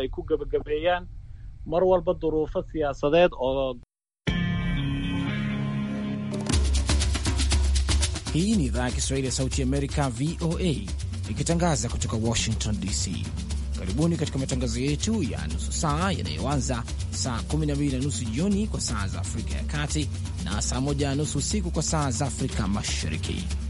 ay ku gabagabeeyaan mar walba duruufo siyaasadeed oo Hii ni idhaa ya Kiswahili ya Sauti Amerika, VOA, ikitangaza kutoka Washington DC. Karibuni katika matangazo yetu ya nusu saa yanayoanza saa 12 na nusu jioni kwa saa za Afrika ya Kati na saa 1 na nusu usiku kwa saa za Afrika Mashariki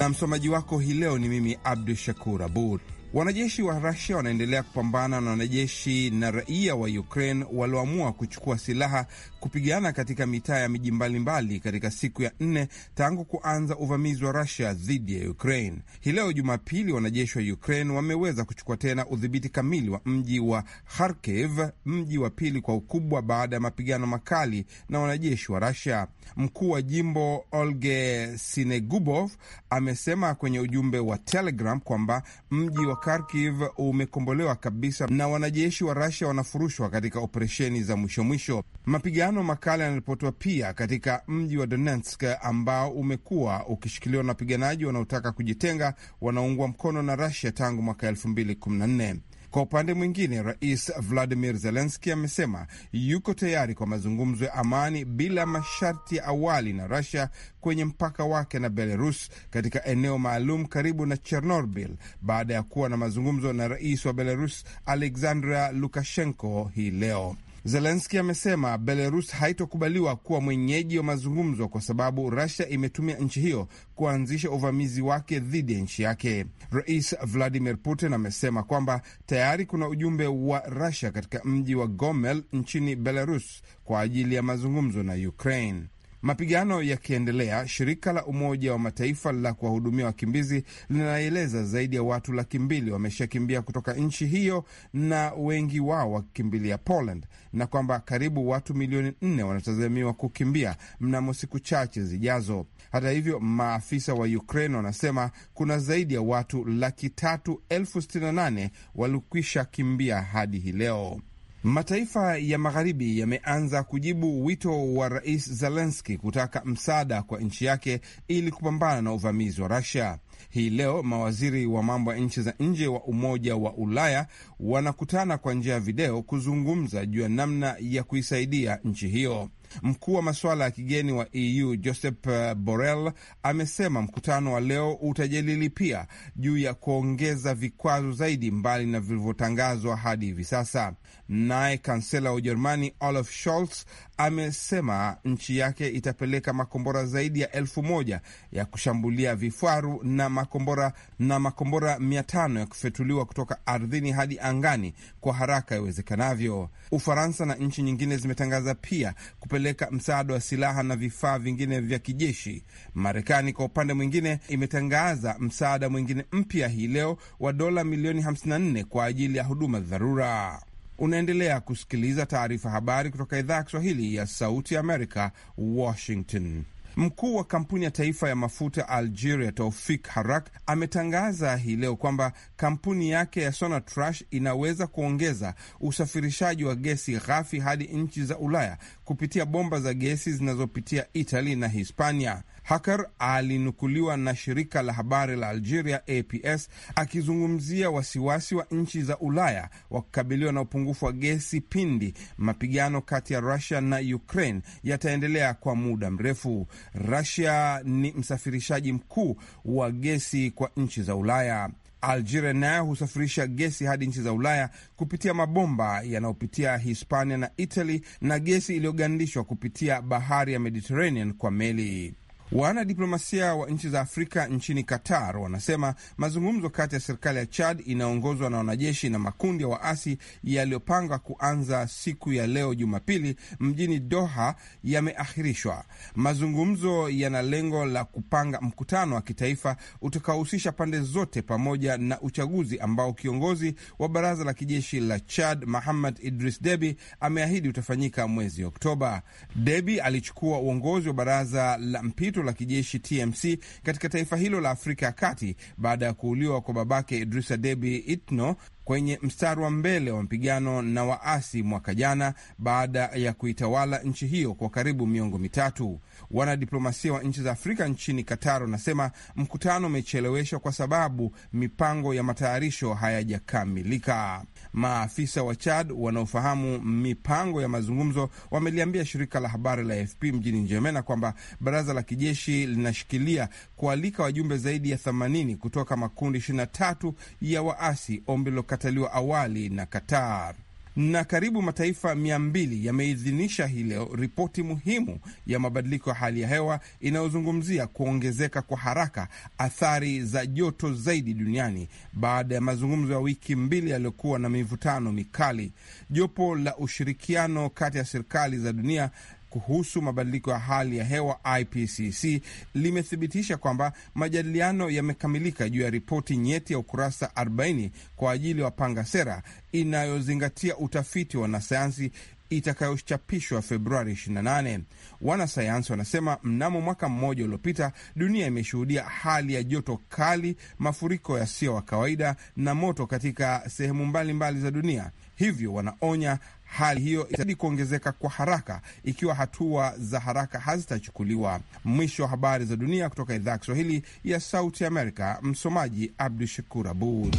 na msomaji wako hii leo ni mimi Abdu Shakur Abud. Wanajeshi wa Rusia wanaendelea kupambana na wanajeshi na raia wa Ukraine walioamua kuchukua silaha kupigana katika mitaa ya miji mbalimbali katika siku ya nne tangu kuanza uvamizi wa Rusia dhidi ya Ukraine. Hii leo Jumapili, wanajeshi wa Ukraine wameweza kuchukua tena udhibiti kamili wa mji wa Kharkiv, mji wa pili kwa ukubwa baada ya mapigano makali na wanajeshi wa Rusia. Mkuu wa jimbo Olge Sinegubov amesema kwenye ujumbe wa Telegram kwamba mji wa Kharkiv umekombolewa kabisa na wanajeshi wa Rasia wanafurushwa katika operesheni za mwisho mwisho. Mapigano makali yanaripotiwa pia katika mji wa Donetsk ambao umekuwa ukishikiliwa na wapiganaji wanaotaka kujitenga wanaoungwa mkono na Rasia tangu mwaka 2014. Kwa upande mwingine, Rais Vladimir Zelenski amesema yuko tayari kwa mazungumzo ya amani bila masharti ya awali na Rusia kwenye mpaka wake na Belarus katika eneo maalum karibu na Chernobyl baada ya kuwa na mazungumzo na rais wa Belarus Alexandra Lukashenko hii leo. Zelenski amesema Belarus haitokubaliwa kuwa mwenyeji wa mazungumzo kwa sababu rasia imetumia nchi hiyo kuanzisha uvamizi wake dhidi ya nchi yake. Rais Vladimir Putin amesema kwamba tayari kuna ujumbe wa rasia katika mji wa Gomel nchini Belarus kwa ajili ya mazungumzo na Ukraine. Mapigano yakiendelea, shirika la Umoja wa Mataifa la kuwahudumia wakimbizi linaeleza zaidi ya watu laki mbili wameshakimbia kutoka nchi hiyo, na wengi wao wakikimbilia Poland, na kwamba karibu watu milioni nne wanatazamiwa kukimbia mnamo siku chache zijazo. Hata hivyo, maafisa wa Ukraine wanasema kuna zaidi ya watu laki tatu elfu sitini na nane walikwisha kimbia hadi hii leo. Mataifa ya magharibi yameanza kujibu wito wa Rais Zelenski kutaka msaada kwa nchi yake ili kupambana na uvamizi wa Rusia. Hii leo mawaziri wa mambo ya nchi za nje wa Umoja wa Ulaya wanakutana kwa njia ya video kuzungumza juu ya namna ya kuisaidia nchi hiyo. Mkuu wa masuala ya kigeni wa EU Josep uh, Borrell amesema mkutano wa leo utajadili pia juu ya kuongeza vikwazo zaidi mbali na vilivyotangazwa hadi hivi sasa. Naye kansela wa Ujerumani Olaf Scholz amesema nchi yake itapeleka makombora zaidi ya elfu moja ya kushambulia vifaru na makombora na makombora mia tano ya kufetuliwa kutoka ardhini hadi angani kwa haraka iwezekanavyo. Ufaransa na nchi nyingine zimetangaza pia kupeleka msaada wa silaha na vifaa vingine vya kijeshi. Marekani kwa upande mwingine imetangaza msaada mwingine mpya hii leo wa dola milioni 54 kwa ajili ya huduma dharura. Unaendelea kusikiliza taarifa habari kutoka idhaa ya Kiswahili ya Sauti Amerika, Washington. Mkuu wa kampuni ya taifa ya mafuta Algeria, Taufik Harak, ametangaza hii leo kwamba kampuni yake ya Sonatrach inaweza kuongeza usafirishaji wa gesi ghafi hadi nchi za Ulaya kupitia bomba za gesi zinazopitia Itali na Hispania. Hacker alinukuliwa na shirika la habari la Algeria APS akizungumzia wasiwasi wa nchi za Ulaya wa kukabiliwa na upungufu wa gesi pindi mapigano kati ya Rusia na Ukraine yataendelea kwa muda mrefu. Rusia ni msafirishaji mkuu wa gesi kwa nchi za Ulaya. Algeria nayo husafirisha gesi hadi nchi za Ulaya kupitia mabomba yanayopitia Hispania na Italy na gesi iliyogandishwa kupitia bahari ya Mediterranean kwa meli. Wanadiplomasia wa nchi za Afrika nchini Qatar wanasema mazungumzo kati ya serikali ya Chad inayoongozwa na wanajeshi na makundi ya waasi yaliyopanga kuanza siku ya leo Jumapili mjini Doha yameahirishwa. Mazungumzo yana lengo la kupanga mkutano wa kitaifa utakaohusisha pande zote pamoja na uchaguzi ambao kiongozi wa baraza la kijeshi la Chad Mahamad Idris Debi ameahidi utafanyika mwezi Oktoba. Debi alichukua uongozi wa baraza la mpito mpito la kijeshi TMC katika taifa hilo la Afrika ya Kati baada ya kuuliwa kwa babake Idrisa Debi Itno kwenye mstari wa mbele wa mapigano na waasi mwaka jana baada ya kuitawala nchi hiyo kwa karibu miongo mitatu. Wanadiplomasia wa nchi za Afrika nchini Qatar wanasema mkutano umecheleweshwa kwa sababu mipango ya matayarisho hayajakamilika. Maafisa wa Chad wanaofahamu mipango ya mazungumzo wameliambia shirika la habari la AFP mjini Njemena kwamba baraza la kijeshi linashikilia kualika wajumbe zaidi ya 80 kutoka makundi 23 ya waasi, ombi lilokataliwa awali na Qatar na karibu mataifa mia mbili yameidhinisha hii leo ripoti muhimu ya mabadiliko ya hali ya hewa inayozungumzia kuongezeka kwa haraka athari za joto zaidi duniani baada ya mazungumzo ya wiki mbili yaliyokuwa na mivutano mikali. Jopo la ushirikiano kati ya serikali za dunia kuhusu mabadiliko ya hali ya hewa IPCC limethibitisha kwamba majadiliano yamekamilika juu ya ripoti nyeti ya ukurasa 40 kwa ajili ya wapanga sera inayozingatia utafiti wa wanasayansi itakayochapishwa Februari 28. Wanasayansi wanasema mnamo mwaka mmoja uliopita dunia imeshuhudia hali ya joto kali, mafuriko yasiyo wa kawaida na moto katika sehemu mbalimbali mbali za dunia Hivyo wanaonya hali hiyo itazidi kuongezeka kwa haraka ikiwa hatua za haraka hazitachukuliwa. Mwisho wa habari za dunia kutoka idhaa ya Kiswahili ya Sauti Amerika. Msomaji Abdu Shakur Abud.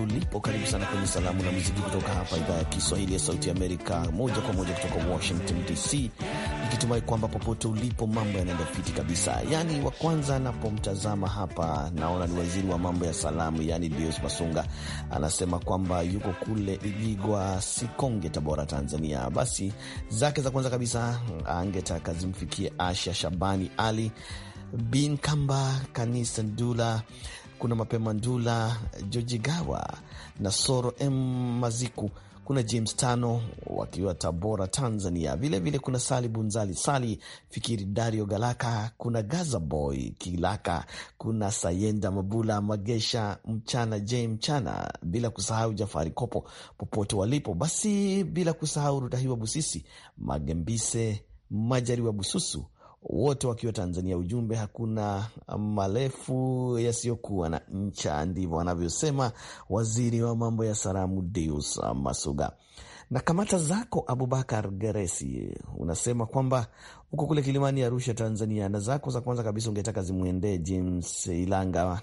popote ulipo, karibu sana kwenye salamu na muziki kutoka hapa idhaa ya Kiswahili ya Sauti Amerika, moja kwa moja kutoka Washington DC, nikitumai kwamba popote ulipo mambo yanaenda fiti kabisa. Yaani wa kwanza anapomtazama hapa, naona ni waziri wa mambo ya salamu, yaani Deus Masunga, anasema kwamba yuko kule Igigwa, Sikonge, Tabora, Tanzania. Basi zake za kwanza kabisa angetaka zimfikie Asha Shabani Ali bin Kamba, Kanisa Ndula kuna Mapema Ndula, gawa na Soro M Maziku, kuna James Tano wakiwa Tabora, Tanzania. Vilevile vile kuna Sali Bunzali, Sali Fikiri, Dario Galaka, kuna Gaza Boy Kilaka, kuna Sayenda Mabula, Magesha Mchana, J Mchana, bila kusahau Jafari Kopo popote walipo. Basi bila kusahau Rutahiwa Busisi, Magembise Majariwa Bususu wote wakiwa Tanzania. Ujumbe hakuna marefu yasiyokuwa na ncha, ndivyo anavyosema waziri wa mambo ya salamu Deus Masuga. Na kamata zako Abubakar Geresi, unasema kwamba huko kule Kilimani, Arusha, Tanzania, na zako za kwanza kabisa ungetaka zimwendee James Ilanga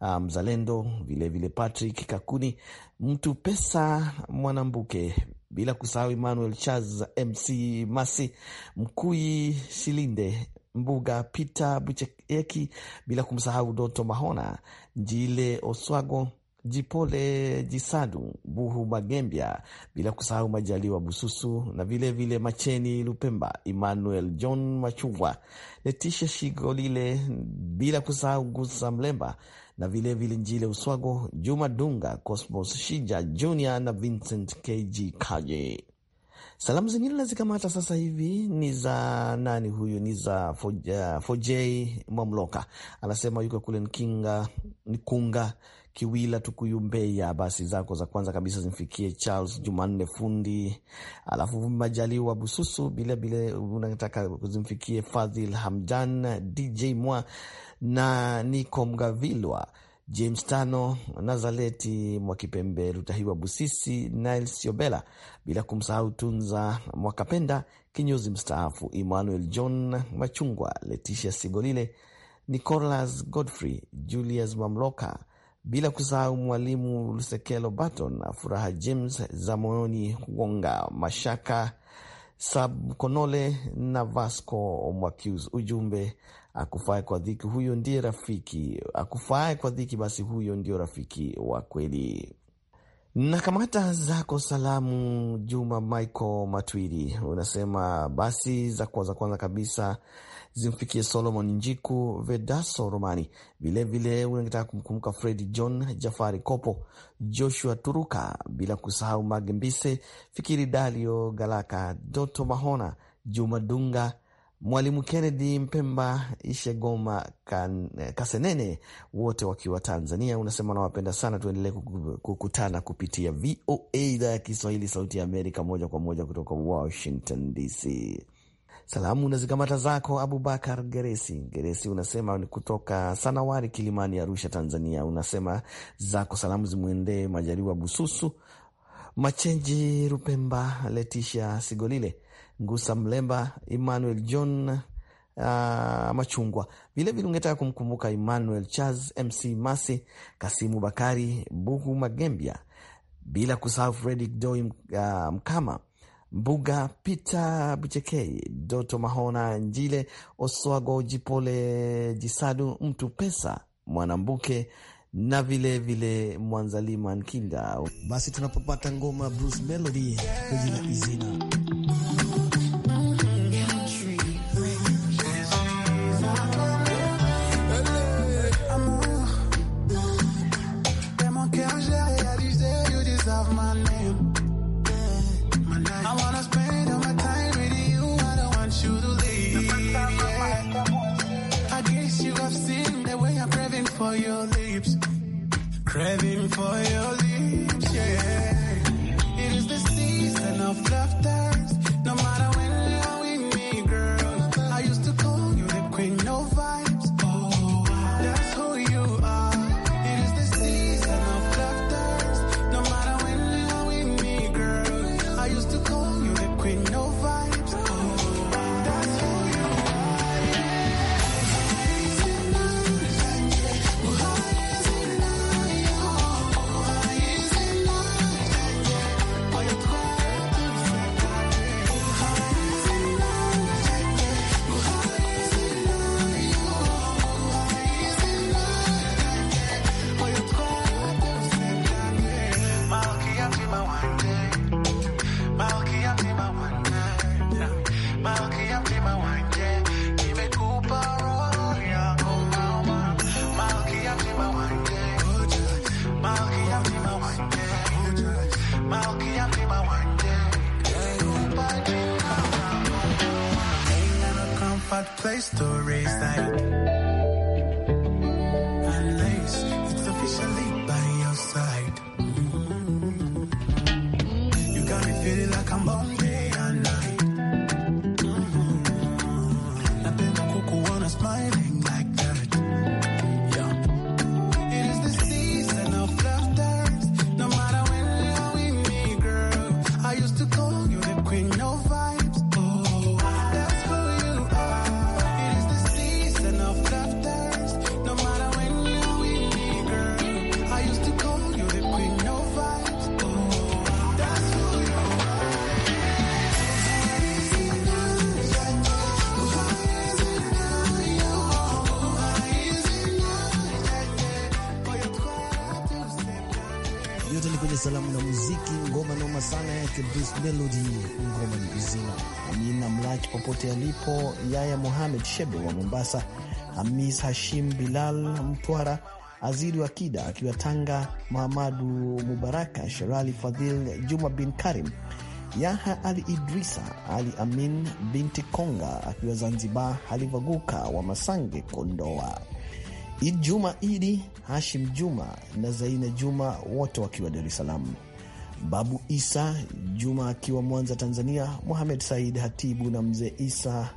ah, mzalendo, um, vilevile Patrick Kakuni, mtu pesa Mwanambuke, bila kusahau Emmanuel Charles, MC Masi, Mkui Silinde Mbuga, Peter Bucheki, bila kumsahau Doto Mahona, Njile Oswago, Jipole Jisadu, Buhu Magembya, bila kusahau Majaliwa Bususu na vilevile vile Macheni Lupemba, Emmanuel John Machungwa, Letisha Shigolile, bila kusahau Gusa Mlemba na vilevile Njile Uswago, Juma Dunga, Cosmos Shija Jr na Vincent KG Kaje. Salamu zingine nazikamata sasa hivi ni za nani? Huyu ni za Fojei Mamloka, anasema yuko kule Nkinga Nikunga Kiwila Tukuyumbeya, Basi zako za kwanza kabisa zimfikie Charles Jumanne Fundi, alafu Majaliwa Bususu, vilevile unataka zimfikie Fadhil Hamdan, DJ Mwa na Niko Mgavilwa, James Tano, Nazareti Mwakipembe, Rutahiwa Busisi, Nile Siobela, bila kumsahau Tunza Mwakapenda kinyozi mstaafu, Emmanuel John Machungwa, Letisha Sigolile, Nicolas Godfrey, Julius Mamloka bila kusahau mwalimu Lusekelo Baton na Furaha James za moyoni Wonga Mashaka Sabkonole na Vasco Mwakius. Ujumbe, akufaaye kwa dhiki huyo ndiye rafiki, akufae kwa dhiki basi huyo ndio rafiki wa kweli. Na kamata zako salamu, Juma Michael Matwiri, unasema basi za kwanza kwanza kabisa zimfikie Solomon Njiku, Vedaso Romani. Vilevile unataka kumkumbuka Fredi John, Jafari Kopo, Joshua Turuka, bila kusahau Magembise Fikiri, Dalio Galaka, Doto Mahona, Juma Dunga, Mwalimu Kennedy Mpemba, Ishegoma Kasenene, wote wakiwa Tanzania. Unasema nawapenda sana, tuendelee kukutana kupitia VOA idhaa ya Kiswahili, Sauti ya Amerika, moja kwa moja kutoka Washington DC. Salamu na zako Abubakar Geresi. Geresi unasema ni kutoka Sanawari, Kilimani, Arusha, Tanzania. Unasema zako salamu zimwendee Majaliwa Bususu, Machenji Rupemba, Letisha Sigolile, Ngusa Mlemba, Emmanuel John Uh, Machungwa vilevile ungetaka kumkumbuka Emmanuel Charles, Mc Masi, Kasimu Bakari Buhu Magembia, bila kusahau Fredrick Doi, uh, Mkama Mbuga, Peter Buchekei, Doto Mahona, Njile Oswago, Jipole Jisadu, Mtu Pesa, Mwanambuke na vile vile Mwanzalima Nkinda. Basi tunapopata ngoma Bruce Melody kwa jina Izina popote alipo, Yaya muhamed Shebe wa Mombasa, Hamis Hashim Bilal Mtwara, Aziru Akida akiwa Tanga, Mahamadu Mubaraka Sherali Fadhil Juma bin Karim, Yaha Ali Idrisa Ali Amin binti Konga akiwa Zanzibar, Halivaguka wa Masange Kondoa, Id Juma Idi Hashim Juma na Zaina Juma wote wakiwa Dar es Salaam. Babu Isa Juma akiwa Mwanza, Tanzania, Mohamed Said Hatibu na mzee Isa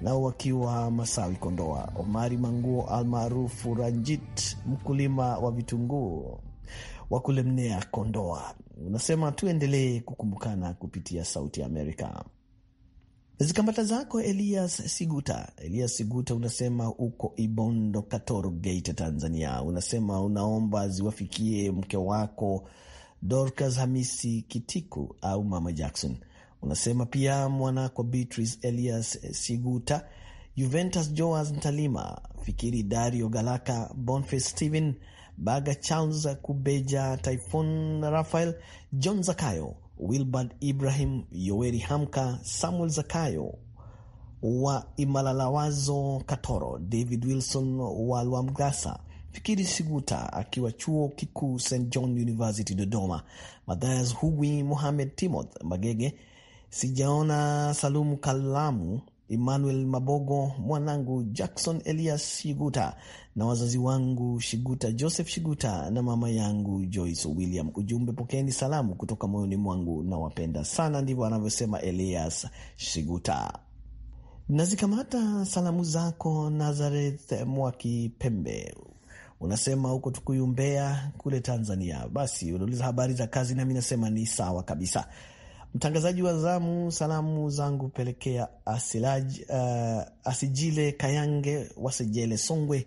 nao wakiwa Masawi, Kondoa. Omari Manguo almaarufu Ranjit, mkulima wa vitunguu wa kulemnea Kondoa, unasema tuendelee kukumbukana kupitia Sauti ya Amerika. Zikambata zako Elias Siguta. Elias Siguta unasema uko Ibondo, Katoro, Geita, Tanzania. Unasema unaomba ziwafikie mke wako Dorcas Hamisi Kitiku au Mama Jackson. Unasema pia mwanako Beatrice Elias eh, Siguta, Juventus Joas Ntalima, Fikiri Dario Galaka, Boniface Stephen Baga, Charles Kubeja, Typhon Rafael, John Zakayo, Wilbard Ibrahim, Yoweri Hamka, Samuel Zakayo wa Imalalawazo Katoro, David Wilson wa Lwamgasa, Fikiri Siguta akiwa chuo kikuu St John University Dodoma, Mathias Hugwi, Mohamed Timoth Magege, sijaona Salumu Kalamu, Emmanuel Mabogo, mwanangu Jackson Elias Shiguta na wazazi wangu Shiguta Joseph Shiguta na mama yangu Joyce William. Ujumbe, pokeni salamu kutoka moyoni mwangu, nawapenda sana. Ndivyo anavyosema Elias Shiguta. Nazikamata salamu zako Nazareth Mwakipembe unasema huko Tukuyu, Mbeya kule Tanzania. Basi unauliza habari za kazi, nami nasema ni sawa kabisa. Mtangazaji wa zamu, salamu zangu pelekea Asilaj, uh, Asijile Kayange Wasejele Songwe,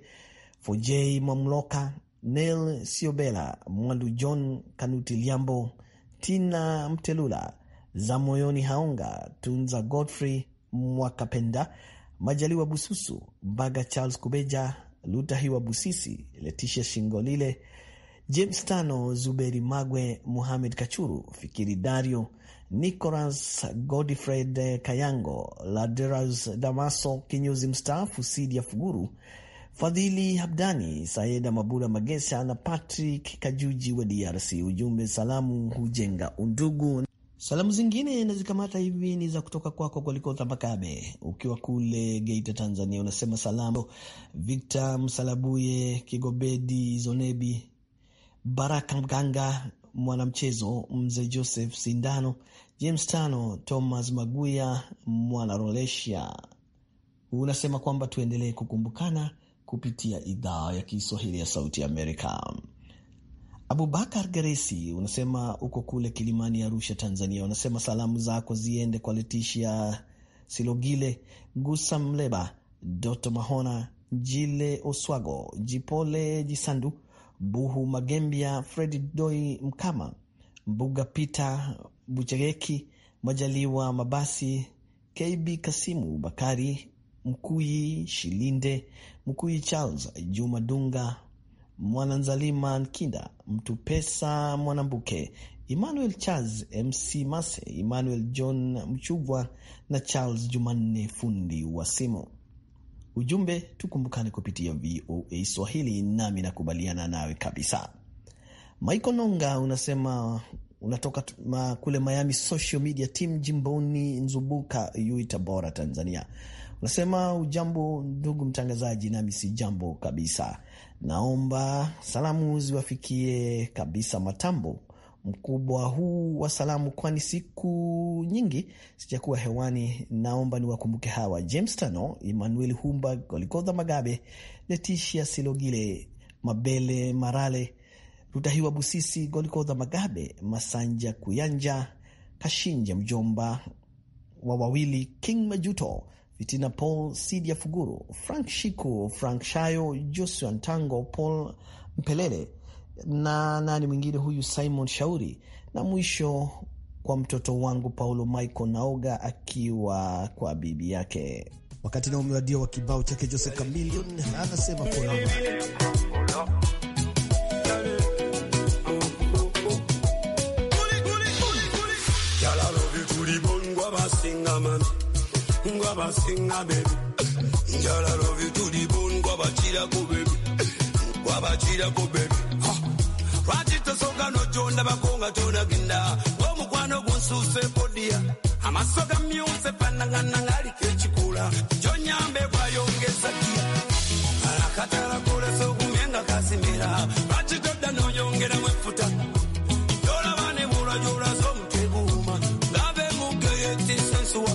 Fojei Mwamloka, Nel Siobela Mwandu, John Kanuti Liambo, Tina Mtelula za moyoni, Haonga Tunza, Godfrey Mwakapenda, Majaliwa Bususu Mbaga, Charles Kubeja Lutahiwa Busisi, shingo Shingolile, James Tano, Zuberi Magwe, Muhamed Kachuru, Fikiri Dario, Nicolas Godifred Kayango, Laderas Damaso kinyozi mstaafu, Sidia Fuguru, Fadhili Habdani, Sayeda Mabula Magesa na Patrick Kajuji wa DRC. Ujumbe salamu hujenga undugu. Salamu zingine nazikamata hivi ni za kutoka kwako Golikoza Makabe, ukiwa kule Geita, Tanzania. Unasema salamu vikta Msalabuye, Kigobedi Zonebi, Baraka Mganga, mwanamchezo mzee Joseph Sindano, James Tano, Thomas Maguya, mwana Rolesia. Unasema kwamba tuendelee kukumbukana kupitia idhaa ya Kiswahili ya Sauti Amerika. Abubakar garesi unasema uko kule Kilimani, Arusha, Tanzania. Unasema salamu zako ziende kwa Letishia Silogile, Gusa Mleba, Doto Mahona, Jile Oswago, Jipole Jisandu, Buhu Magembia, Fredi Doi Mkama, Mbuga pita Buchegeki, Majaliwa Mabasi, KB Kasimu Bakari Mkuyi, Shilinde Mkuyi, Charles Juma Dunga, Mwananzalima Nkinda, pesa Mwanambuke, Emmanuel Charles, MC Mase, Emmanuel John Mchugwa na Charles Jumanne fundi wa simu. Ujumbe, tukumbukane kupitia VOA Swahili. Nami nakubaliana nawe kabisa. Michael Nonga unasema unatoka kule Miami social media team jimboni Nzubuka, Yuita Bora, Tanzania. Unasema ujambo ndugu mtangazaji, nami si jambo kabisa. Naomba salamu ziwafikie kabisa Matambo mkubwa huu wa salamu, kwani siku nyingi sijakuwa hewani. Naomba niwakumbuke hawa: James Tano, Emmanuel Humba, Golikodha Magabe, Leticia Silogile, Mabele Marale, Rutahiwa Busisi, Golikodha Magabe, Masanja Kuyanja, Kashinje mjomba wa wawili, King Majuto, vitina Paul, Sidia Fuguru, Frank Shiku, Frank Shayo, Josua Ntango, Paul Mpelele na nani mwingine huyu Simon Shauri, na mwisho kwa mtoto wangu Paulo Michael Naoga akiwa kwa bibi yake. Wakati na umewadia wa kibao chake Jose Camilion anasema polama nkwabasinga bebi njala lovi tuli bon nkwabakirako bebi nkwabakirako bebi lwaki tosoka nojondabako nga tonaginda ng'omukwano gunsuse podiya amaso gamyuse fanagana ngaliko ekikula jonyambe bwayongeza kiya alakatalakolesaogumyenga kasimira lwaki todda noyongeramu efuta tolabane bulwajolaza omutebuuma ngabe mugeyo ekisensuwa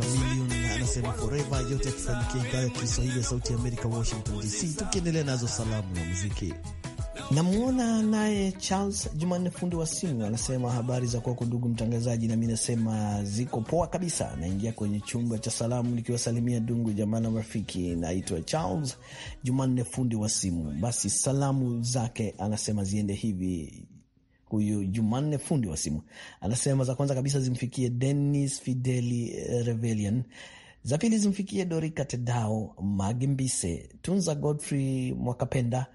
Chameleon anasema forever, yote yakifanikia idhaa ya Kiswahili ya Sauti ya Amerika, Washington DC, tukiendelea nazo salamu na muziki. Namwona naye Charles Jumanne fundi wa simu anasema habari za kwako ndugu mtangazaji, nami nasema ziko poa kabisa. Naingia kwenye chumba cha salamu nikiwasalimia dungu jamaa na rafiki. Naitwa Charles Jumanne fundi wa simu. Basi salamu zake anasema ziende hivi Huyu Jumanne fundi wa simu anasema za kwanza kabisa zimfikie Denis Fideli eh, Revelian, za pili zimfikie Dorika Tedao Magimbise, Tunza Godfrey Mwakapenda,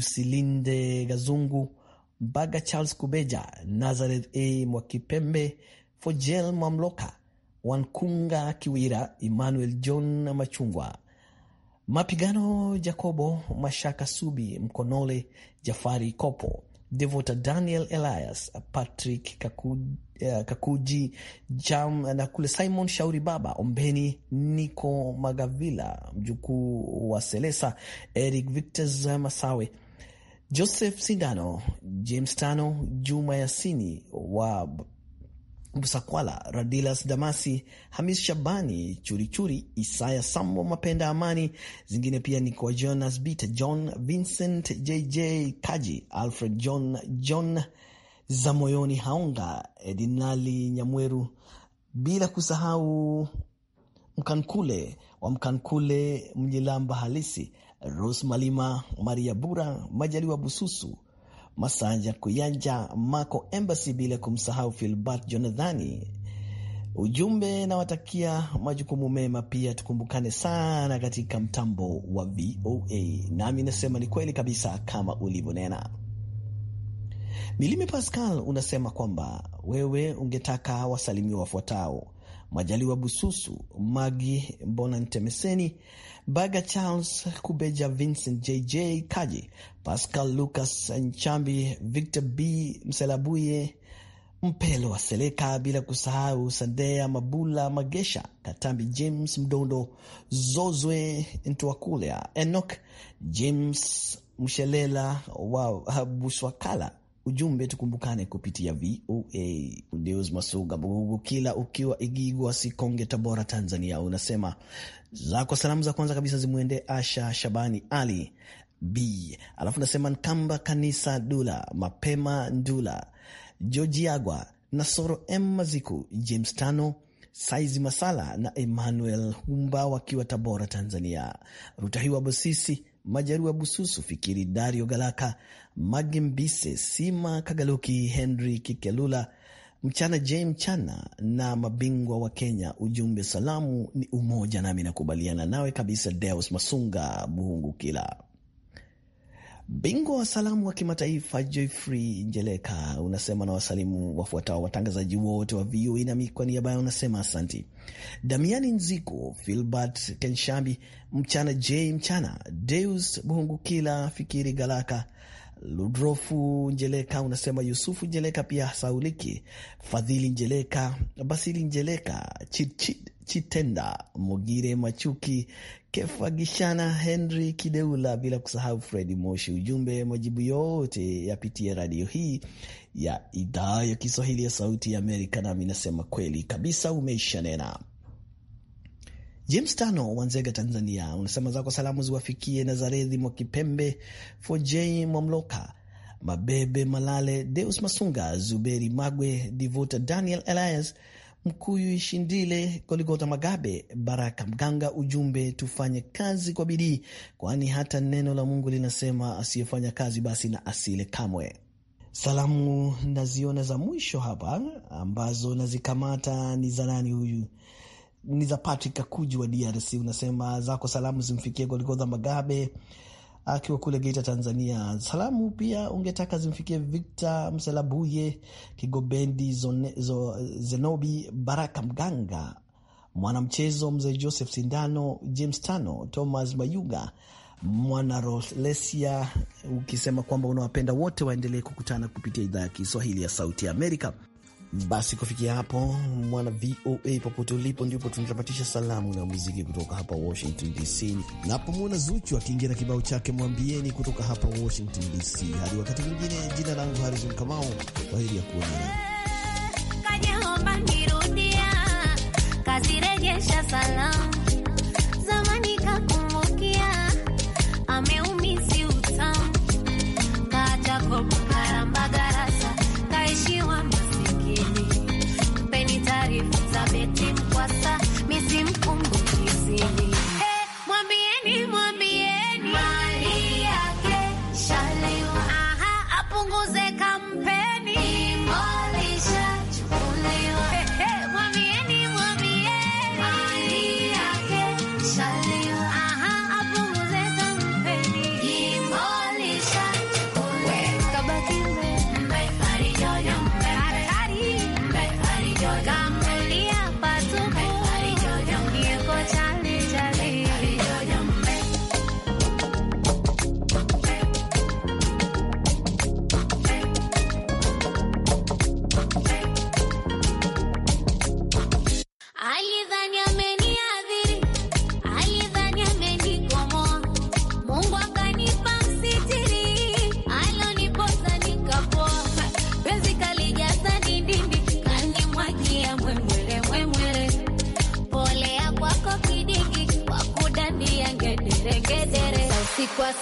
Silinde Gazungu Mbaga, Charles Kubeja, Nazareth A Mwakipembe, Fojel Mwamloka, Wankunga Kiwira, Emmanuel John Machungwa, Mapigano Jacobo Mashaka Subi, Mkonole Jafari Kopo, Devota Daniel Elias, Patrick Kakuji, eh, Kakuji Jam na kule Simon Shauri, Baba Ombeni, Niko Magavila, mjukuu wa Selesa, Eric victor Masawe, Joseph Sindano, James Tano, Juma Yasini wa Busakwala, Radilas Damasi, Hamis Shabani, Churichuri, Isaya Sambo, Mapenda Amani. Zingine pia ni kwa Jonas Bita, John Vincent, JJ Kaji, Alfred John, John Zamoyoni Haonga, Edinali Nyamweru, bila kusahau Mkankule wa Mkankule, Mjilamba Halisi, Rose Malima, Maria Bura, Majaliwa Bususu, Masanja Kuyanja, Marco Embassy, bila kumsahau Filbert Jonathani. Ujumbe nawatakia majukumu mema. Pia tukumbukane sana katika mtambo wa VOA. Nami nasema ni kweli kabisa kama ulivyonena. Milime Pascal unasema kwamba wewe ungetaka wasalimiwa wafuatao: Majaliwa Bususu, Magi bonantemeseni Baga Charles Kubeja, Vincent JJ Kaji, Pascal Lucas Nchambi, Victor B Mselabuye, Mpelo wa Seleka, bila kusahau Sandea Mabula Magesha, Katambi James Mdondo, Zozwe Ntuakulea, Enok James Mshelela wa Buswakala ujumbe tukumbukane kupitia VOA. Udeus Masuga Bugugu kila ukiwa Igigwa, Sikonge, Tabora, Tanzania, unasema zako salamu za kwanza kabisa zimwende Asha Shabani Ali B, alafu nasema Nkamba Kanisa Dula Mapema Ndula Jojiagwa Nasoro M Maziku James tano Saizi Masala na Emmanuel Humba wakiwa Tabora, Tanzania. Rutahiwa Bosisi Majarua Bususu, Fikiri Dario Galaka, Magimbise Sima, Kagaluki Henry Kikelula, Mchana J Mchana na mabingwa wa Kenya. Ujumbe salamu ni umoja, nami nakubaliana nawe kabisa. Deus Masunga Buhungu Kila Bingwa wa salamu wa kimataifa Jeffrey Njeleka unasema na wasalimu wafuatao watangazaji wote wa VOA na kwa niaba unasema asanti. Damiani Nziko, Filbert Kenshambi, Mchana J Mchana, Deus Buhungukila, Fikiri Galaka, Ludrofu Njeleka unasema Yusufu Njeleka pia sauliki Fadhili Njeleka, Basili Njeleka, Chit Chit Chitenda Mogire Machuki Kefa Gishana Henry Kideula, bila kusahau Fredi Moshi. Ujumbe, majibu yote yapitie radio hii ya idhaa ya Kiswahili ya Sauti ya Amerika, nami nasema kweli kabisa, umeisha nena. James Tano wa Nzega, Tanzania, unasema zako salamu ziwafikie Nazarethi Mwakipembe, Foj Mwamloka, Mabebe Malale, Deus Masunga, Zuberi Magwe, Divota Daniel Elias Mkuyu Ishindile, Goligota Magabe, Baraka Mganga. Ujumbe, tufanye kazi kwa bidii, kwani hata neno la Mungu linasema asiyefanya kazi basi na asile kamwe. Salamu naziona za mwisho hapa ambazo nazikamata ni za nani huyu? ni za Patrick Kakuji wa DRC, unasema zako salamu zimfikie Goligodha Magabe akiwa kule Geita, Tanzania. Salamu pia ungetaka zimfikie Victor Mselabuye, Kigobendi Zenobi, Baraka Mganga, mwanamchezo mzee Joseph Sindano, James Tano, Thomas Mayuga, mwana Rolesia, ukisema kwamba unawapenda wote waendelee kukutana kupitia idhaa ya Kiswahili ya Sauti ya Amerika. Basi kufikia hapo, mwana VOA popote ulipo, ndipo tunatamatisha salamu na muziki kutoka hapa Washington DC. Napomwona Zuchu akiingia na kibao chake mwambieni, kutoka hapa Washington DC. Hadi wakati mwingine, jina langu Harizon Kamau, kwa heri ya kuonana.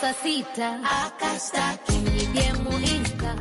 saa sita akastaki mjie muinga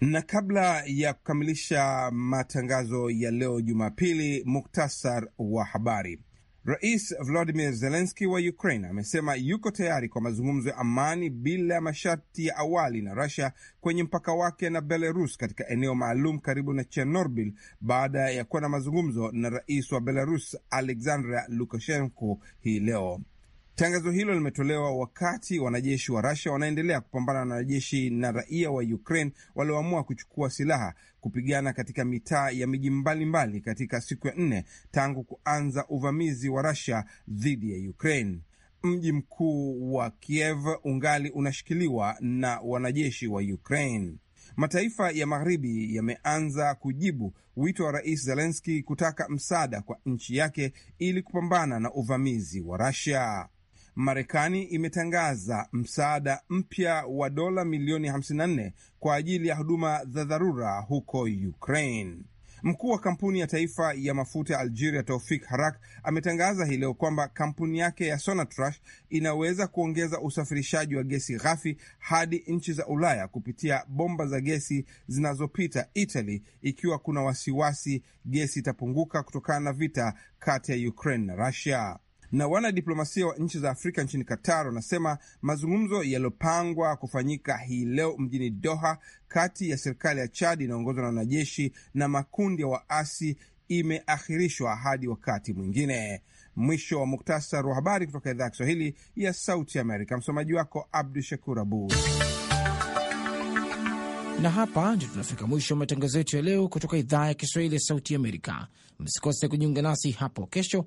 na kabla ya kukamilisha matangazo ya leo Jumapili, muktasar wa habari. Rais Vladimir Zelenski wa Ukraine amesema yuko tayari kwa mazungumzo ya amani bila ya masharti ya awali na rasia kwenye mpaka wake na Belarus katika eneo maalum karibu na Chernobyl baada ya kuwa na mazungumzo na rais wa Belarus alexandra Lukashenko hii leo. Tangazo hilo limetolewa wakati wanajeshi wa Russia wanaendelea kupambana na wanajeshi na raia wa Ukraine walioamua kuchukua silaha kupigana katika mitaa ya miji mbalimbali katika siku ya nne tangu kuanza uvamizi wa Russia dhidi ya Ukraine. Mji mkuu wa Kiev ungali unashikiliwa na wanajeshi wa Ukraine. Mataifa ya magharibi yameanza kujibu wito wa Rais Zelenski kutaka msaada kwa nchi yake ili kupambana na uvamizi wa Russia. Marekani imetangaza msaada mpya wa dola milioni 54 kwa ajili ya huduma za dharura huko Ukraine. Mkuu wa kampuni ya taifa ya mafuta ya Algeria, Taufik Harak, ametangaza hii leo kwamba kampuni yake ya Sonatrach inaweza kuongeza usafirishaji wa gesi ghafi hadi nchi za Ulaya kupitia bomba za gesi zinazopita Italy, ikiwa kuna wasiwasi gesi itapunguka kutokana na vita kati ya Ukraine na Russia na wanadiplomasia wa nchi za Afrika nchini Qatar wanasema mazungumzo yaliyopangwa kufanyika hii leo mjini Doha kati ya serikali ya Chad inayoongozwa na wanajeshi na makundi ya waasi imeahirishwa hadi wakati mwingine. Mwisho wa muktasar wa habari kutoka idhaa ya Kiswahili ya Sauti Amerika. Msomaji wako Abdu Shakur Abud. Na hapa ndio tunafika mwisho wa matangazo yetu ya leo kutoka idhaa ya Kiswahili ya Sauti Amerika. Msikose kujiunga nasi hapo kesho